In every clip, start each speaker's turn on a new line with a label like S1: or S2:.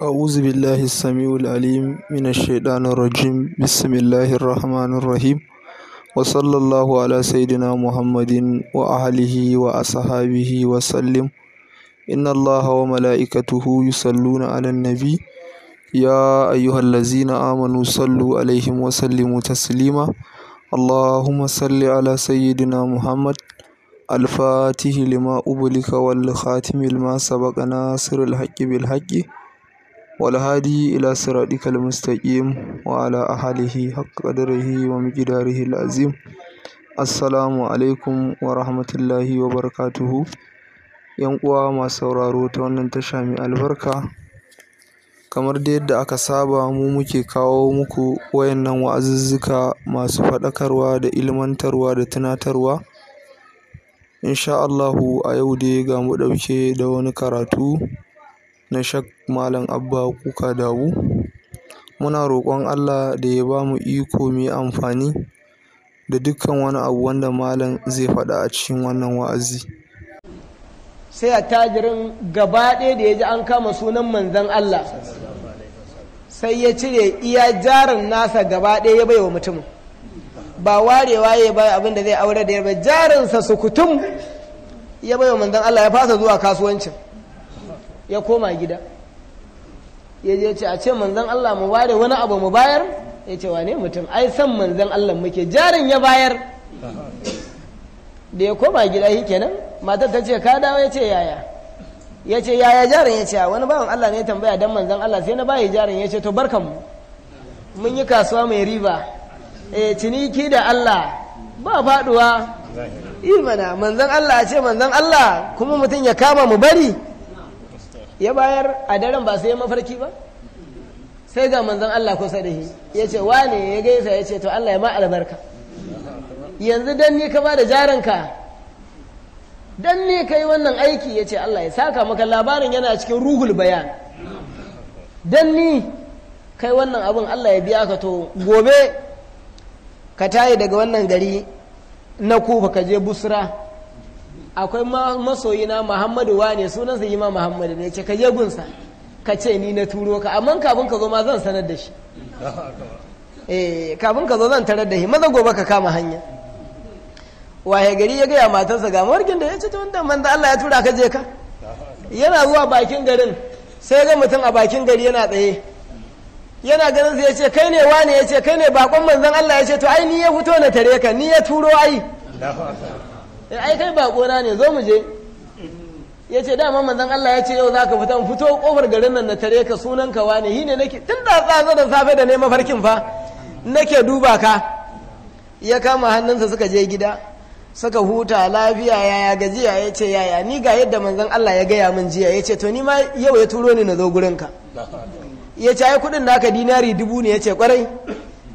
S1: أعوذ بالله السميع العليم من الشيطان الرجيم بسم الله الرحمن الرحيم وصلى الله على سيدنا محمد وأهله وأصحابه وسلم إن الله وملائكته يصلون على النبي يا أيها الذين آمنوا صلوا عليهم وسلموا تسليما اللهم صل على سيدنا محمد الفاتح لما أبلغ والخاتم لما سبق ناصر الحق بالحق والهادي إلى صراطك المستقيم وعلى أهله حق wa ومقداره العظيم Assalamu alaikum wa rahmatullahi wa barakatuhu. ‘Yan uwa masu sauraro ta wannan tasha mai albarka, kamar dai yadda aka saba mu muke kawo muku wayannan wa'azuzzuka masu faɗakarwa da ilmantarwa da tunatarwa. Insha Allahu a yau dai ga mu ɗauke da wani karatu na shak Malam Abba Kuka Dawo. Muna roƙon Allah da ya ba mu iko mai amfani da dukkan wani abu wanda malam zai faɗa a cikin wannan wa'azi.
S2: Sai attajirin tajirin gabaɗe da ya ji an kama sunan manzan Allah sai ya cire iya jarin nasa gabaɗe ya ya baiwa mutum Ba warewa ya ba abin da zai aure da ya bai jarinsa sukutum ya baiwa manzan Allah ya fasa zuwa kasuwancin. ya koma gida ya je ce a ce manzan Allah mu ware wani abu mu bayar ya ce wane mutum ai san manzan Allah muke jarin ya bayar da ya koma gida shi kenan matar ta ce ka dawo ya ce yaya ya ce yaya jarin ya ce wani bawan Allah ne tambaya dan manzan Allah sai na bayi jarin ya ce to barkan mu mun yi kasuwa mai riba eh ciniki da Allah ba faduwa imana manzan Allah a ce manzan Allah kuma mutum ya kama mu bari ya bayar a daren ba sai ya mafarki ba sai ga manzon Allah kusa da shi ya ce wane ya gaisa ya ce to Allah ya ma albarka yanzu dan ni ka ba da jaranka dan ne ka yi wannan aiki ya ce Allah ya saka maka labarin yana cikin ruhul bayan dan ni kai wannan abin Allah ya biya ka to gobe ka tayi daga wannan gari na kufa ka je busra akwai masoyina muhammadu wane sunansa yi ma muhammadu ne ce ka je gunsa ka ce ni na turo ka amma kafin ka zo ma zan sanar da shi eh kafin ka zo zan tarar da shi maza gobe ka kama hanya waye gari ya gaya matarsa ga mawarkin da ya ce tun da manzo Allah ya tura ka je ka yana zuwa bakin garin sai ga mutum a bakin gari yana tsaye yana ganin sai ya ce kai ne wane ya ce kai ne bakon manzon Allah ya ce to ai ni ya fito na tare ka ni ya turo ai ya ai kai bakona ne zo mu je ya ce dama manzon Allah ya ce yau zaka fita mu fito kofar garin nan na tare ka sunan ka wane hi ne nake tun da tsazo da safe da ne mafarkin fa nake duba ka ya kama hannunsa suka je gida suka huta lafiya yaya gajiya ya ce yaya ni ga yadda manzan Allah ya gaya min jiya ya ce to ni ma yau ya turo ni na zo gurin ka ya ce ai kudin naka dinari dubu ne ya ce kwarai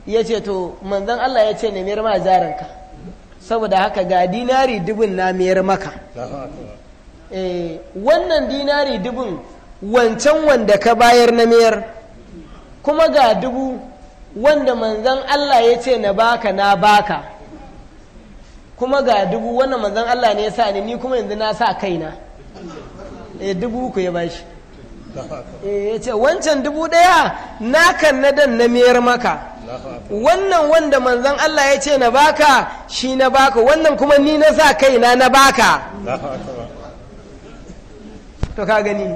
S2: ya ce to manzan Allah ya ce ne mai ma jaranka saboda haka ga dinari dubin na mayar maka eh, wannan dinari dubin wancan wanda ka bayar na mayar kuma ga dubu wanda manzan Allah ya ce na baka na baka kuma ga dubu wanda manzan Allah ne ya sa ni ni kuma yanzu na sa kaina eh, dubu ku ya bashi Eh, ya ce wancan dubu ɗaya kan na dan na miyar maka wannan wanda manzan Allah ya ce na baka shi na baka wannan kuma ni na sa kaina na baka to ka gani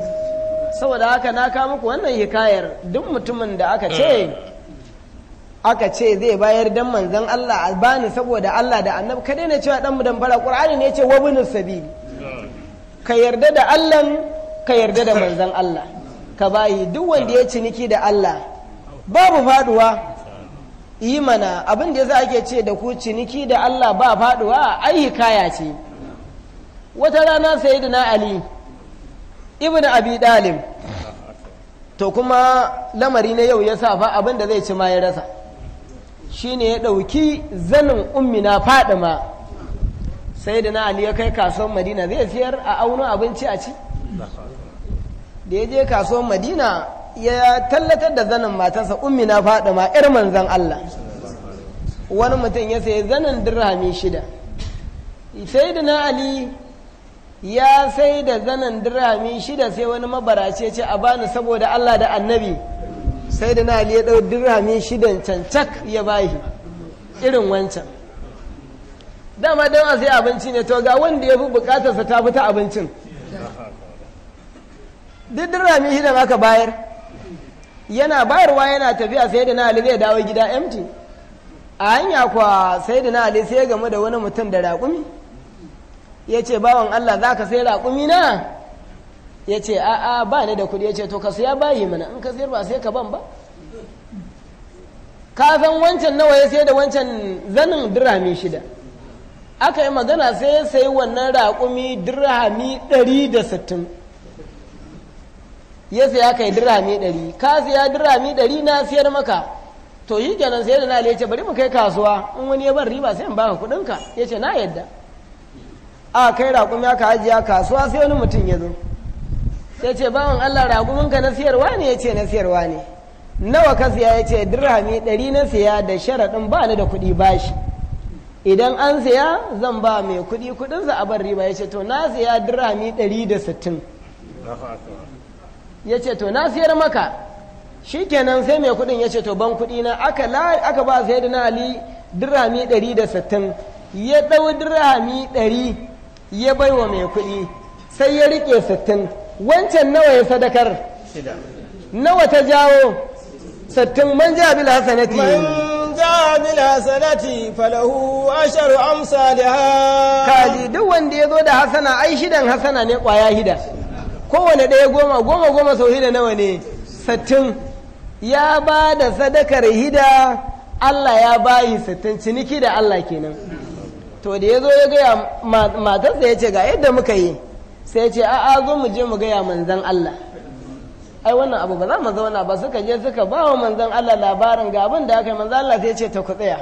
S2: saboda haka na kama muku wannan hikayar duk mutumin da aka ce aka ce zai bayar dan manzan Allah albani saboda Allah da annabi ka daina cewa dan mu dan bara qur'ani ne ya ce wa sabil ka yarda da Allah ka yarda da manzan Allah ka bayi duk wanda ya ciniki da Allah babu faduwa yi mana abin da za ake ce da ku ciniki da Allah ba faduwa ai kaya ce wata rana sayyidina Ali ibn Abi dalim to kuma lamari na yau ya sa fa abin da zai ci ma ya rasa shine ya ɗauki zanin ummina Fadima sai da na Ali ya kai kasuwar Madina zai siyar a auna abinci a ci da ya je kasuwar madina ya tallatar da zanin matarsa ummina na ma 'yar manzan Allah wani mutum ya sayi zanin dirhami shida sai da na ali ya sai da zanin dirhami shida sai wani mabarace ce a bani saboda Allah da annabi sai da na ali ya ɗau dirhami shidan cancak ya bahi irin wancan dama a sai abinci ne to ga wanda ya fi bukatarsa ta fi ta abincin duk dirhami da aka bayar yana bayarwa yana tafiya sai da na ali zai dawo gida empty a hanya kuwa sai da na ali sai game da wani mutum da raƙumi ya ce bawan allah za ka sai raƙumi na ya ce a'a ba ni da kuɗi ya ce to ka siya bayi mana in ka siyar ba sai ka ban ba ka san wancan nawa ya sai da wancan zanin dirhami shida aka yi magana sai ya sayi wannan raƙumi dirhami ɗari da sittin ya saya kai dirhami ɗari ka saya dirhami ɗari na siyar maka to yi kenan sai da na ya ce bari mu kai kasuwa in wani ya bar riba sai in baka ka ya ce na yadda a kai raƙumi aka ajiya kasuwa sai wani mutum ya zo sai ce bawan Allah ka na siyarwa ne ya ce na siyarwa ne nawa ka siya ya ce dirhami ɗari na siya da sharaɗin ba ni da kuɗi bashi idan an siya zan ba mai kuɗi kuɗinsa a bar riba ya ce to na siya dirhami ɗari da sittin ya ce to na siyar maka shi kenan sai mai kuɗin ya ce to ban kuɗi na aka ba sai na ali dirhami ɗari da sittin ya ɗau dirhami ɗari ya bai wa mai kuɗi sai ya riƙe sittin wancan nawa ya sadakar nawa ta jawo sittin man ja bil hasanati man ja bil hasanati falahu asharu amsalha kaji duk wanda ya zo da hasana ai shidan hasana ne kwaya hida kowane ɗaya goma goma goma sau hida nawa ne sattin ya ba da sadakar hida Allah ya bayi sattin ciniki da Allah kenan to da ya zo ya gaya matarsa ya ce ga yadda muka yi sai ce a'a zo mu je mu gaya manzan Allah ai wannan abu ba za mu zauna ba suka je suka ba wa manzan Allah labarin ga abin da aka yi manzan Allah sai ce ta ku tsaya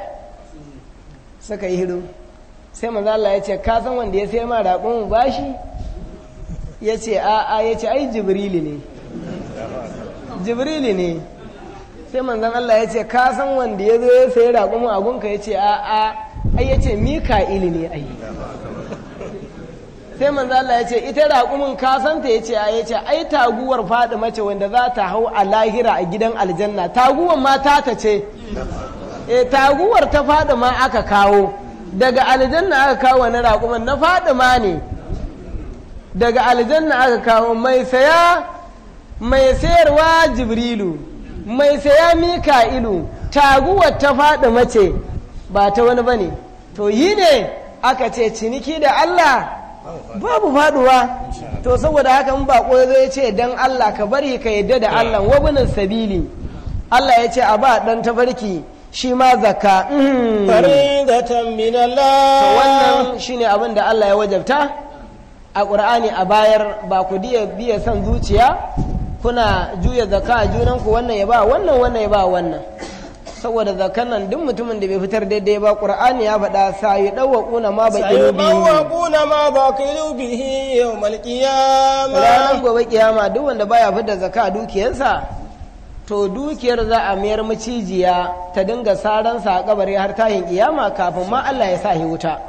S2: suka yi hidu sai manzan Allah ya ce ka san wanda ya sai ma raƙon bashi ya ce a'a ya ce ai jibrili ne jibrili ne sai manzan Allah ya ce ka san wanda ya zo ya sayi raƙumin gunka ya ce a'a ai ya ce mika'ili ne ai sai manzan Allah ya ce ita raƙumin ka san ta yace a ce ai taguwar faɗi mace wanda za ta hau a lahira a gidan aljanna taguwar ma ta ta ce e taguwar ta faɗi ma aka kawo daga aljanna aka kawo wani raƙumin na faɗi ma ne daga aljanna aka kawo mai saya mai sayarwa jibrilu mai saya mika'ilu taguwa ta faɗi mace ba ta wani bane to yi ne aka ce ciniki da allah babu faduwa to saboda haka in zai ce don Allah ka bari ka yadda da Allah wabunin sabili Allah ya ce a ba ɗan tafarki shi ma zakka mm. min Allah to wannan shine abin da Allah ya wajabta a ƙur'ani a bayar ba ku biya son zuciya kuna juya zaka a junanku wannan ya ba wannan wannan ya ba wannan saboda zakan nan duk mutumin da bai fitar daidai ba ƙur'ani ya faɗa sayi dawwaquna ma ma baqilu bihi gobe ƙiyama duk wanda baya fitar zaka dukiyarsa to dukiyar za a mayar macijiya ta dinga saransa a kabari har tahin kiyama kafin ma Allah ya sa shi wuta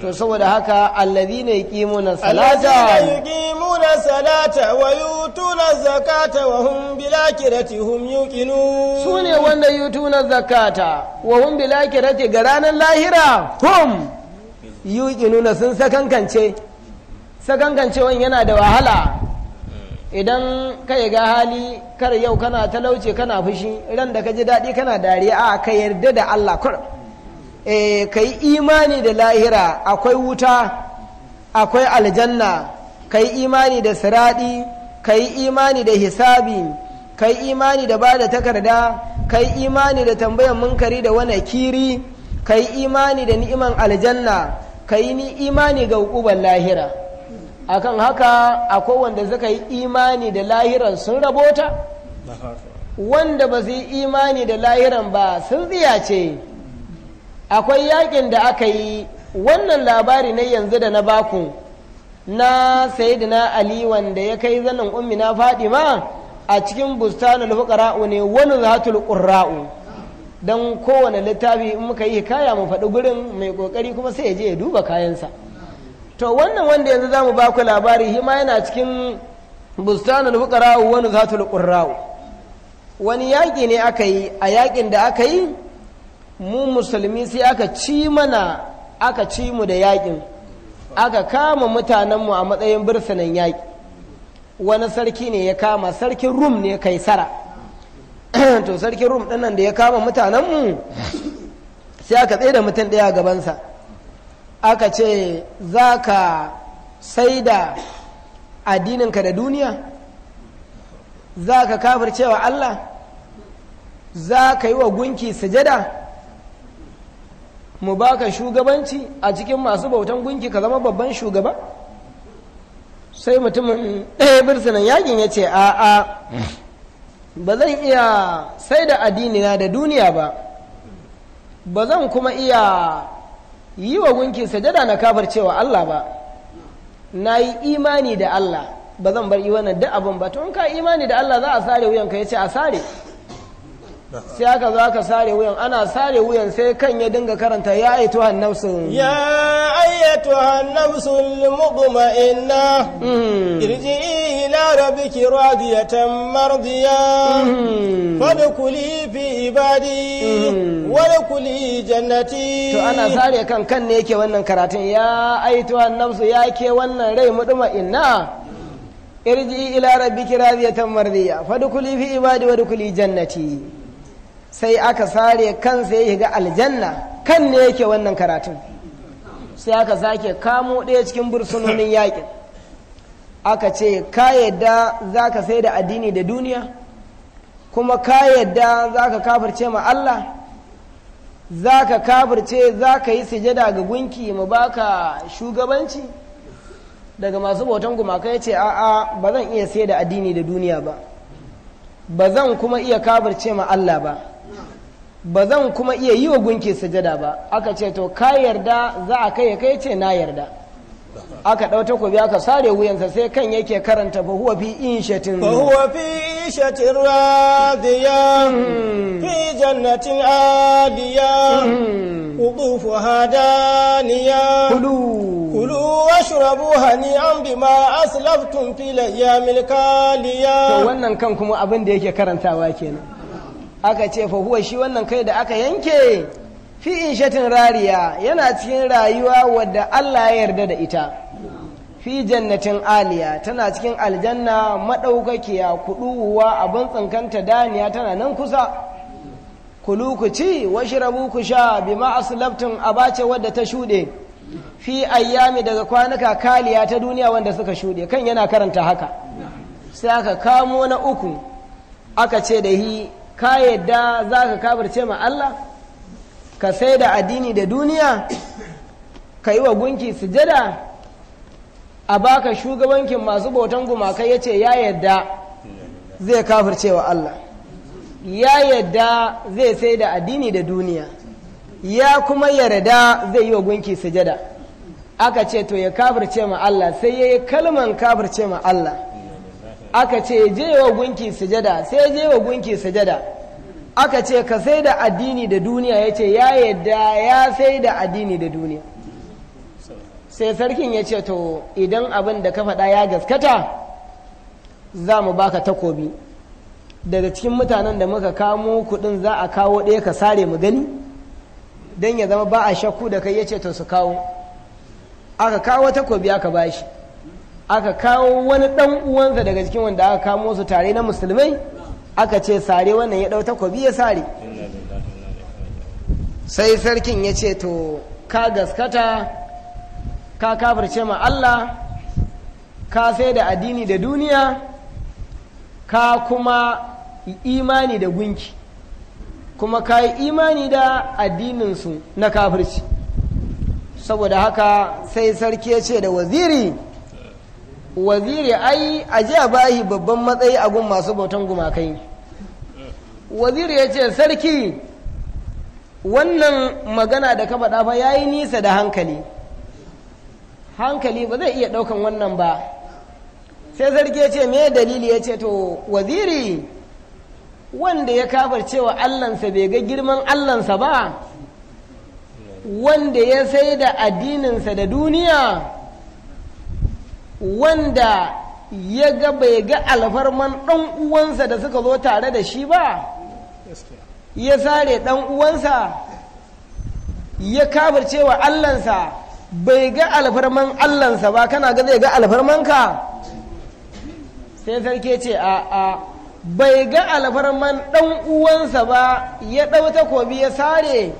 S2: to saboda haka allazina yuqimuna salata yuqimuna salata wa yutuna zakata wa hum bil akhirati hum yuqinun sune wanda yutuna zakata wa hum bilakirati ga ranar lahira hum na sun sakankance wani yana da wahala idan ka ga hali kar yau kana talauce kana fushi ran da ka ji daɗi kana dariya a ka yarda da Allah kurum eh ka yi imani da lahira akwai wuta akwai aljanna ka yi imani da siraɗi ka yi imani da hisabi ka yi imani da ba da takarda ka yi imani da tambayan munkari da wani kiri ka yi imani da ni'iman aljanna ka yi imani ga hukuban lahira akan haka akwai wanda suka yi imani da lahiran sun rabota wanda ba su yi imani da lahiran ba sun ziyace? akwai yakin da aka yi wannan labari na yanzu da na baku na sayidina ali wanda ya kai zanin ummina fadima a cikin bustanul fuqara'u ne wani zatul qurra'u dan kowane littafi in muka yi hikaya mu faɗi gurin mai kokari kuma sai ya je ya duba kayansa to wannan wanda yanzu zamu ba ku labari hima yana cikin bustanul fuqara'u wani zatul qurra'u wani yaƙi ne aka yi a yaƙin da aka yi mu musulmi sai aka ci mana aka ci mu da yaƙin aka kama mutanenmu a matsayin birsinan yaƙi wani sarki ne ya kama sarkin rum ne kaisara to sarkin rum ɗinnan da ya kama mutanenmu sai aka tsaye da mutum ɗaya gabansa aka ce za ka saida da addininka da duniya za ka kafircewa allah za ka yi wa gunki sujada mu baka shugabanci a cikin masu bautan gunki ka zama babban shugaba sai mutumin ɗaya birsinan yakin ya ce a'a ba zan iya sai da addinina da duniya ba ba zan kuma iya yi wa gunki sajada na kafar cewa Allah ba na yi imani da Allah ba zan bar yi wannan da abin ba tun ka imani da Allah za a sare wuyanka ya ce a sare sai aka zo aka sare wuyan ana sare wuyan sai kan ya dinga karanta ya aitu hannausun ya ayyatu hannausun mugma inna mm-hmm. irji ila rabbiki radiyatan mardiya mm-hmm. fadkuli fi ibadi mm-hmm. wadkuli jannati to ana sare kan kan ne yake wannan karatun ya aitu hannausu ya ke wannan rai muduma inna irji ila rabbiki radiyatan mardiya fadkuli fi ibadi wadkuli jannati sai aka sare kansa ya shiga aljanna kan ne yake wannan karatun sai aka sake kamo ɗaya cikin bursunonin yakin aka ce ka yadda za ka sai da addini da duniya kuma ka yadda za ka kafirce ma Allah za ka kafirce za ka yi sujada ga gunki mu baka shugabanci daga masu bautan gumaka ya ce a'a ba zan iya sai da addini da duniya ba ba zan kuma iya kafarce ma Allah ba ba zan kuma iya yi wa gunki sujada ba aka ce to ka yarda za a kai kai ce na yarda aka ɗau takobi aka sare wuyansa sai kan yake karanta ba huwa fi inshatin ba huwa fi inshatin radiya fi jannatin adiya qudufu hmm. hadaniya kulu kulu washrabu hani'an bima aslaftum fil ayyamil kaliya to wannan kan kuma abin da yake karantawa kenan aka ce fa shi wannan kai da aka yanke fi shatin rariya yana cikin rayuwa wadda Allah ya yarda da ita fi jannatin aliya tana cikin aljanna maɗaukakiya kuɗuwa abin tsinkanta daniya tana nan kusa kulu ku ci washrabu ku sha bima aslabtum abace wadda ta shuɗe fi ayyami daga kwanuka kaliya ta duniya wanda suka shuɗe kan yana karanta haka sai aka kamo na uku aka ce da hi ka yadda za ka kafarce ma Allah ka sai da addini da duniya ka yi wa gunki sujada a baka shugabankin masu bautan gumakai ya ce ya yadda zai kafirce wa Allah ya yadda zai sai da addini da duniya ya kuma yarda zai yi wa gunki sujada aka ce to ya kafirce ma Allah sai ya yi kalman kafirce ma Allah aka ce je wa gunki sujada sai je wa gunki sujada aka ce ka sai da addini da duniya ya ce ya yadda ya sai da addini da duniya sai sarkin ya ce to idan abin da ka faɗa ya gaskata za mu baka takobi daga cikin mutanen da muka kamo kuɗin za a kawo ɗaya ka sare mu gani don ya zama ba a shakku da kai ya ce to su kawo aka kawo takobi aka bashi aka kawo wani ɗan uwansa daga cikin wanda aka kamo su tare na musulmai aka ce sare wannan ya ɗau takobi ya sare sai sarkin ya ce to ka gaskata ka kafirce ma Allah ka sai da addini da duniya ka kuma imani da gunki kuma ka yi imani da addininsu na kafirci saboda haka sai sarki ya ce da waziri waziri ai a jiya a bahi babban matsayi a gun masu bautan gumakai waziri ya ce sarki wannan magana da ka faɗa fa ya yi nisa da hankali hankali ba zai iya ɗaukan wannan ba sai sarki ya ce me dalili ya ce to waziri wanda ya kafar cewa allansa bai ga girman allansa ba wanda ya sai da addininsa da duniya wanda ya ga bai ga alfarman ɗan uwansa da suka zo tare da shi ba ya sare ɗan uwansa ya kafirce wa allansa bai ga alfarman allansa ba kana ga zai ga alfarmanka sai sarki ce a a bai ga alfarman ɗan uwansa ba ya ɗau takobi ya sare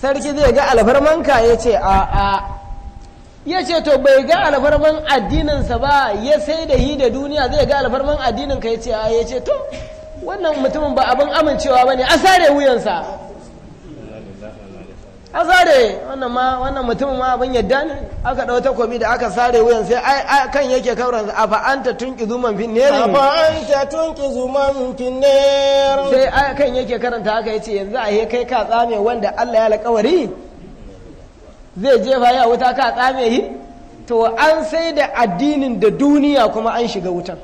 S2: sarki zai ga alfarmanka ya ce a a ya ce to bai ga alfarman addininsa ba ya sai da yi da duniya zai ga alfarman addinin ka ya ce a ya ce to wannan mutumin ba abin amincewa ba ne a sare wuyansa a sare wannan mutumin ma abin yadda ne aka ɗau kwami da aka sare wuyan sai kan yake kauran a fa'anta tun ki zuman finnerin a fa'anta tun ki zuman finnerin sai kan yake karanta haka ya ce yanzu a kai ka tsame wanda Allah ya alƙawari zai jefa ya wuta ka tsame yi to an sai da addinin da duniya kuma an shiga wutan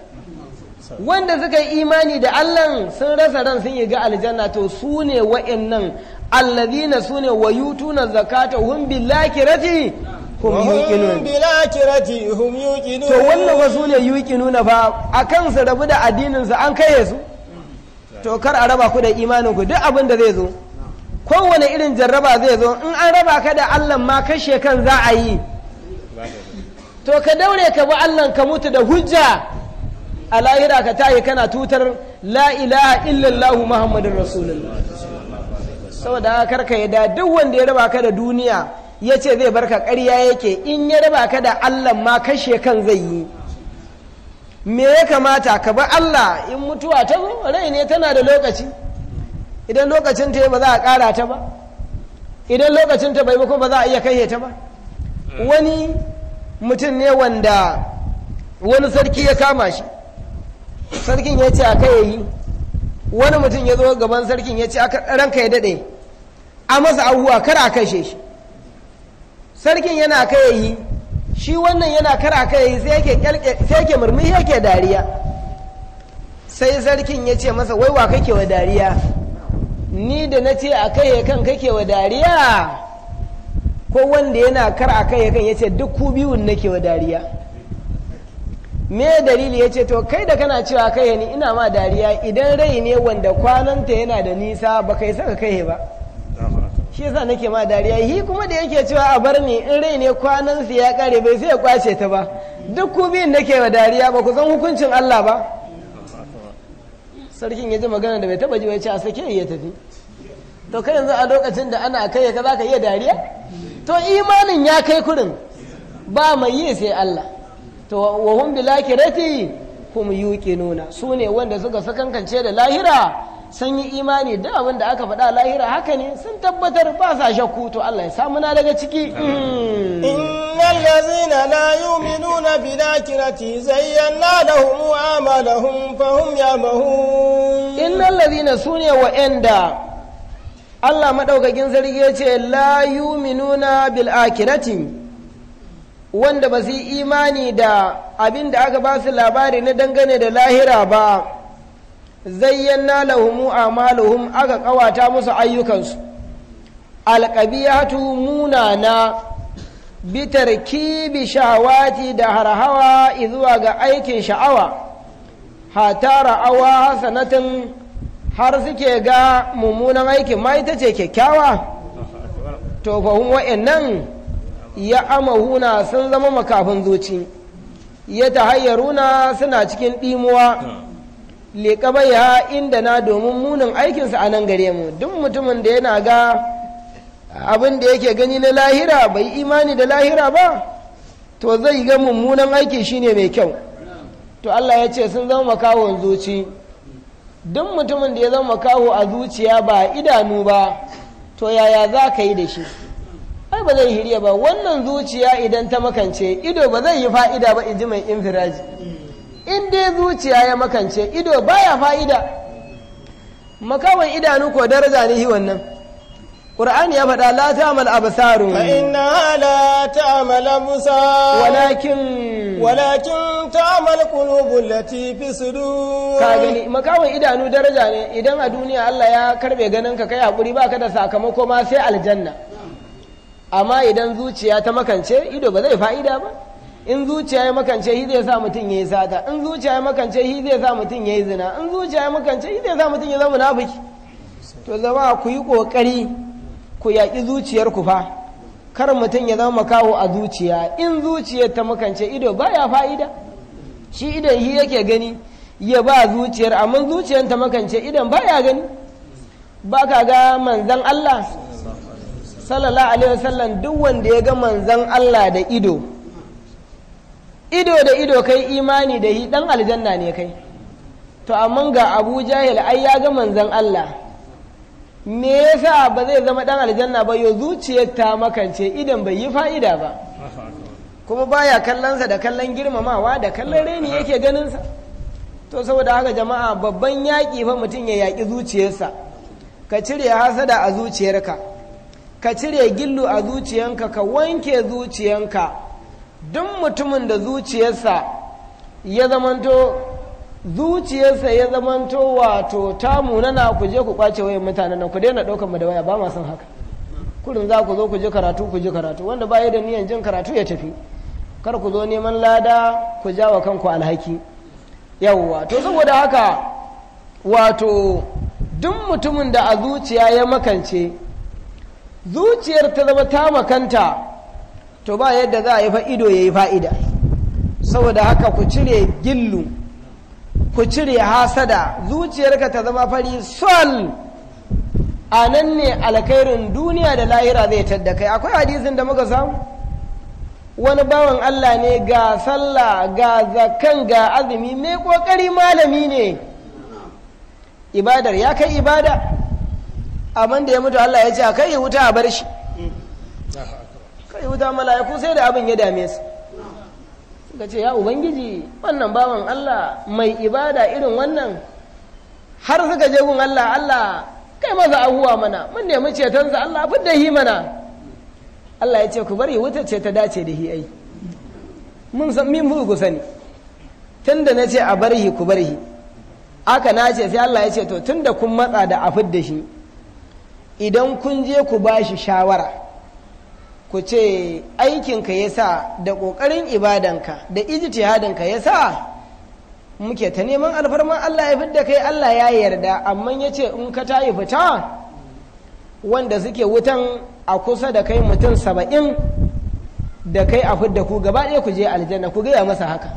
S2: wanda suka yi imani da Allah sun rasa ran sun yi ga aljanna to su ne wa'annan alladhina su ne wa na zakata hum billakirati hum yuqinun to wannan su ne yuqinuna fa akan su rabu da addinin su an kai su to kar a raba ku da imanin ku duk abin da zai zo kowane irin jarraba zai zo in an raba ka da allan ma kashe kan za a yi to ka daure ka bi allan ka mutu da hujja a lahira ka tayi kana tutar la illallahu muhammadin rasulullah saboda kar ka da duk wanda ya raba ka da duniya ya ce zai barka karya yake in ya raba ka da allan ma kashe kan zai yi me ya kamata ka bi allah in mutuwa ta zo rai ne tana da lokaci idan lokacin ta ba za a ƙara ta ba idan lokacin ta bai ba ko ba za a iya kai ta ba wani mutum ne wanda wani sarki ya kama shi sarkin ya ce a kai yi wani mutum ya zo gaban sarkin ya ce a ranka ya daɗe a masa abubuwa kar a kashe shi sarkin yana kai yi shi wannan yana kar a kai yi sai yake murmushi yake dariya sai sarkin ya ce masa wai wa kake wa dariya ni da na ce a kai kan kake wa dariya ko wanda yana kar a kai kan ya ce duk ku biyun nake wa dariya me dalili ya ce to kai da kana cewa kai ni ina ma dariya idan rai ne wanda kwananta yana da nisa ba kai saka kai ba shi yasa nake ma dariya hi kuma da yake cewa a bar ni in rai ne kwanansa ya kare bai sai ya kwace ta ba duk ku biyun nake wa dariya ba ku san hukuncin Allah ba sarkin ya ji magana da bai taba ji bai ce a sake ya tafi to kai yanzu a lokacin da ana kai ka zaka iya dariya to imanin ya kai kurin ba mai yi sai Allah to wa hum bil akhirati yuqinuna sune wanda suka sakankance da lahira sun yi imani duk abin da aka faɗa lahira haka ne sun tabbatar ba sa shakku to Allah ya samu na daga ciki mm. innal ladzina la yu'minuna bil akhirati zayyana lahum amalahum fahum yamahun innal ladzina sune inda Allah madaukakin sarki yace la yu'minuna bil akhirati wanda ba su yi imani da abin da aka ba su labari na dangane da lahira ba zayyana lahumu amaluhum aka kawata musu ayyukansu alƙabiyatu munana bitar kibi shawati da harhawa izuwa ga aikin sha'awa hatara awa hasanatin har suke ga mummunan aikin ma ita ce kyakkyawa to fahim wa'annan ya amahuna sun zama makafin zuci ya tahayyaruna suna cikin ɗimuwa leƙa ya inda na domin munin aikinsa a nan gare mu duk mutumin da yana ga abin da yake gani na lahira bai imani da lahira ba to zai ga mummunan aiki shine mai kyau to Allah ya ce sun zama makawon zuci duk mutumin da ya zama makaho a zuciya ba idanu ba to yaya za ka yi da shi ai ba zai hirya ba wannan zuciya idan ta makance ido ba zai yi fa'ida ba in ji mai infiraji in dai zuciya ya makance ido baya fa'ida makawan idanu ko daraja ne wannan ya faɗa la ta'mal absaru fa inna la ta'mal تعمل walakin walakin ta'mal qulubul lati fi في ka gani مكاوي idanu daraja ne idan a duniya Allah ya karbe ganin ka kai hakuri baka da sakamako ma sai aljanna amma idan zuciya ta makance ido ba zai fa'ida ba in zuciya ya makance shi zai sa mutum ya yi sata in zuciya ya makance shi zai sa mutum ya yi zina in zuciya ya makance shi zai sa mutum ya zama munafiki to zama ku yi kokari ku yaƙi zuciyar ku fa kar mutum ya zama makaho a zuciya in zuciyar ta makance ido baya fa'ida shi idan shi yake gani ya ba zuciyar amma zuciyar ta makance idan baya gani ba ka ga manzan Allah sallallahu alaihi wasallam duk wanda ya ga manzan Allah da ido ido da ido kai imani da yi dan aljanna ne kai to amma ga abu jahil ai ya ga manzan Allah me yasa ba zai zama dan aljanna ba yo zuciyar ta makance idan bai yi fa'ida ba kuma baya kallonsa da kallon girmamawa da kallon reni yake ganinsa to saboda haka jama'a babban yaki fa mutum ya yaƙi zuciyarsa ka cire hasada a zuciyarka ka cire gillu a zuciyanka ka wanke zuciyanka duk mutumin da zuciyarsa ya zamanto zuciyarsa ya zamanto wato ta munana ku je ku kwace wayan mutane nan ku daina ɗaukar mu da waya ba ma son haka kurin za ku zo ku je karatu ku je karatu wanda ba ya da niyan jin karatu ya tafi kar ku zo neman lada ku ja wa kanku alhaki yawwa to saboda haka wato duk mutumin da a zuciya ya makance zuciyar ta zama ta makanta to ba yadda za a yi fa'ido ya yi fa'ida saboda haka ku cire gillu ku cire hasada zuciyarka ta zama fari sol a nan ne alkhairin duniya da lahira zai tadda kai akwai hadisin da muka samu wani bawan Allah ne ga sallah ga zakan ga azumi mai kokari malami ne ibadar ya kai ibada abin da ya mutu Allah ya ce a kai wuta a bar shi sayyuda mala'iku sai da abin ya dame su suka ce ya ubangiji wannan bawan Allah mai ibada irin wannan har suka je gun Allah Allah kai maza ahuwa mana mun nemi cetonsa Allah abin da hi mana Allah ya ce ku bari wuta ce ta dace da hi ai mun san min ku sani tun da na ce a bar ku bar aka na ce sai Allah ya ce to tun da kun matsa da a shi idan kun je ku ba shi shawara ku ce aikinka ya sa da ƙoƙarin ibadanka da ijtihadinka ya sa muke ta neman alfarma Allah ya fidda kai Allah ya yarda amma ya ce in ka tayi fita wanda suke wutan a kusa da kai mutum saba'in da kai a fidda ku gaba ɗaya ku je aljanna ku gaya masa haka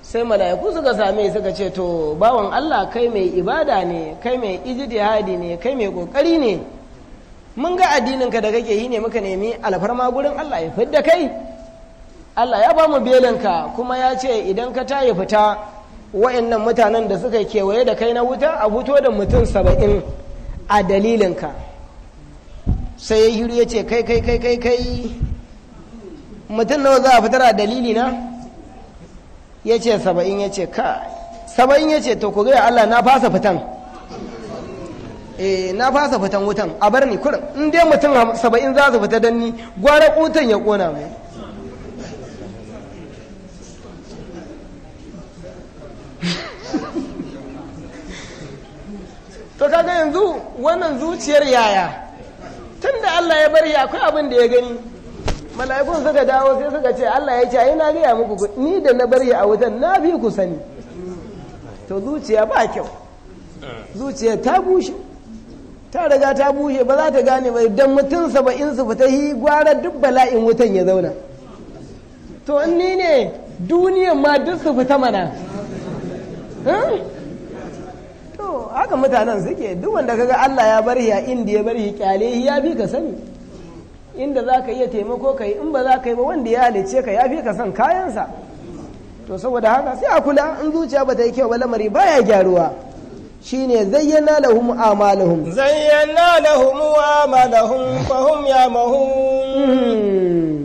S2: sai mala'iku suka same suka ce to bawan Allah kai mai ibada ne kai mai ijtihadi ne kai mai ƙoƙari ne mun ga addinin ka da kake yi ne muka nemi alfarma gurin Allah ya fidda kai Allah ya ba mu belinka kuma ya ce idan ka tayi fita wa'annan mutanen da suka kewaye da kai na wuta a buto da mutum saba'in a dalilinka sai ya hiru ya ce kai kai kai kai kai mutum nawa za a fitar a dalili na ya ce saba'in ya ce ka saba'in ya ce to ku ga Allah na fasa fitan eh na fasa fitan wutan a bar ni kurin in dai mutum saba'in za su fita don ni gwara kutan ya kona mai to kaga yanzu wannan zuciyar yaya tun da Allah ya bari akwai abin da ya gani mala'ikun suka dawo sai suka ce Allah ya ce ai na gaya muku ni da na bari a wutan na fi ku sani to zuciya ba kyau zuciya ta bushe ta riga ta bushe ba za ta gane ba idan mutum saba'in su fita yi gwara duk bala'in wutan ya zauna to ni ne duniyan ma duk su fita mana to haka mutanen suke duk wanda kaga Allah ya bar ya inda ya bar kyale ya fi ka sani inda za ka iya taimako ka yi in ba za ka yi ba wanda ya halice ka ya fi ka san kayansa to saboda haka sai a kula in zuciya ba ta yi kyau ba lamari baya gyaruwa Shi ne zayyana lahum amalahum zayyana da lahum amalahum fahum yamahun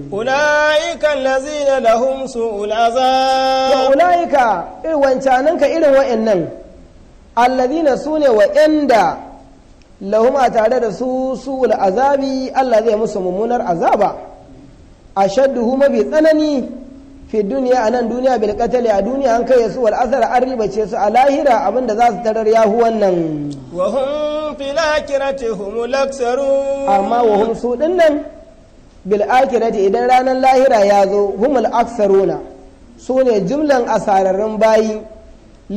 S2: hmm. ulaika allazina lahum su'ul azab ulaika irin wancanan ka irin wa'annan allazina sune wa'anda lahum a tare da su su azabi Allah zai musu mummunar azaba ashadduhu mafi tsanani fi duniya a nan duniya bil qatali a duniya an kai su wal asara an ce su a lahira abinda za su tarar yahu wannan wa hum fil akhirati hum amma wa hum su nan bil akhirati idan ranar lahira ya zo humul aksaruna su ne jumlan asararrun bayi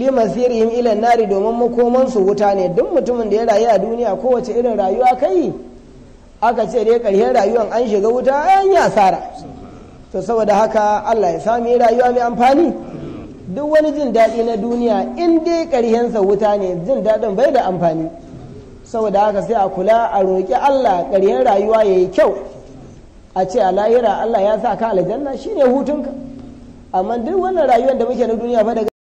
S2: li masirihim ila nari domin makoman su wuta ne duk mutumin da ya rayu a duniya kowace irin rayuwa kai aka ce dai karshen rayuwan an shiga wuta an yi asara to saboda haka Allah ya sami rayuwa mai amfani duk wani jin daɗi na duniya in dai ƙarhensa wuta ne jin daɗin bai da amfani saboda haka sai a kula a roƙi Allah ƙarhen rayuwa ya yi kyau a ce a lahira Allah ya sa ka aljanna shine hutunka amma duk wannan rayuwar da muke na duniya fa daga